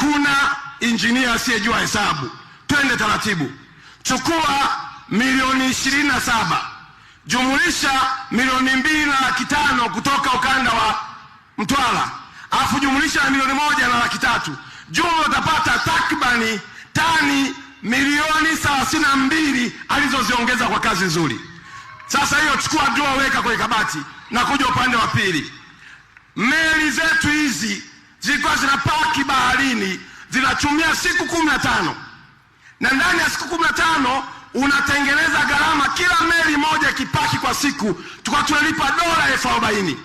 hakuna injinia asiyejua hesabu. Twende taratibu, chukua milioni ishirini na saba jumulisha milioni mbili na laki tano kutoka ukanda wa Mtwara alafu jumulisha na milioni moja na laki tatu jumla utapata takribani tani milioni thelathini na mbili alizoziongeza kwa kazi nzuri. Sasa hiyo chukua jua, weka kwenye kabati na kuja upande wa pili. Meli zetu hizi zilikuwa zinapaki baharini zinatumia siku kumi na tano na ndani ya siku kumi na tano unatengeneza gharama, kila meli moja kipaki kwa siku tukawa tunalipa dola elfu arobaini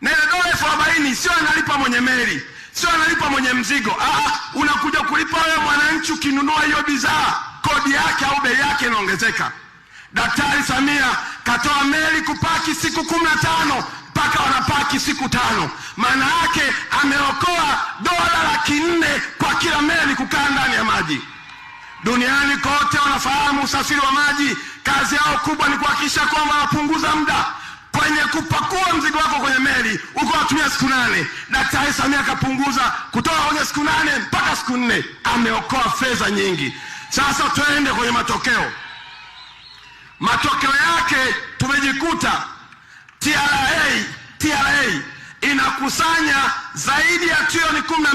na ile dola elfu arobaini sio analipa mwenye meli, sio analipa mwenye mzigo. Ah, ah, unakuja kulipa wewe mwananchi ukinunua hiyo bidhaa, kodi yake au bei yake inaongezeka. Daktari Samia katoa meli kupaki siku kumi na tano mpaka wanapaki siku tano, maana yake ameokoa dola laki nne ni kukaa ndani ya maji. Duniani kote wanafahamu usafiri wa maji, kazi yao kubwa ni kuhakikisha kwamba wanapunguza muda kwenye kupakua mzigo wako kwenye meli, uko watumia siku nane. Daktari Samia akapunguza kutoka kwenye siku nane mpaka siku nne, ameokoa fedha nyingi. Sasa tuende kwenye matokeo. Matokeo yake tumejikuta TRA TRA inakusanya zaidi ya trioni kumi na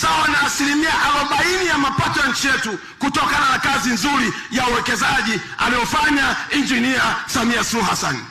sawa na asilimia arobaini ya mapato ya nchi yetu kutokana na kazi nzuri ya uwekezaji aliyofanya Injinia Samia Suluhu Hassan.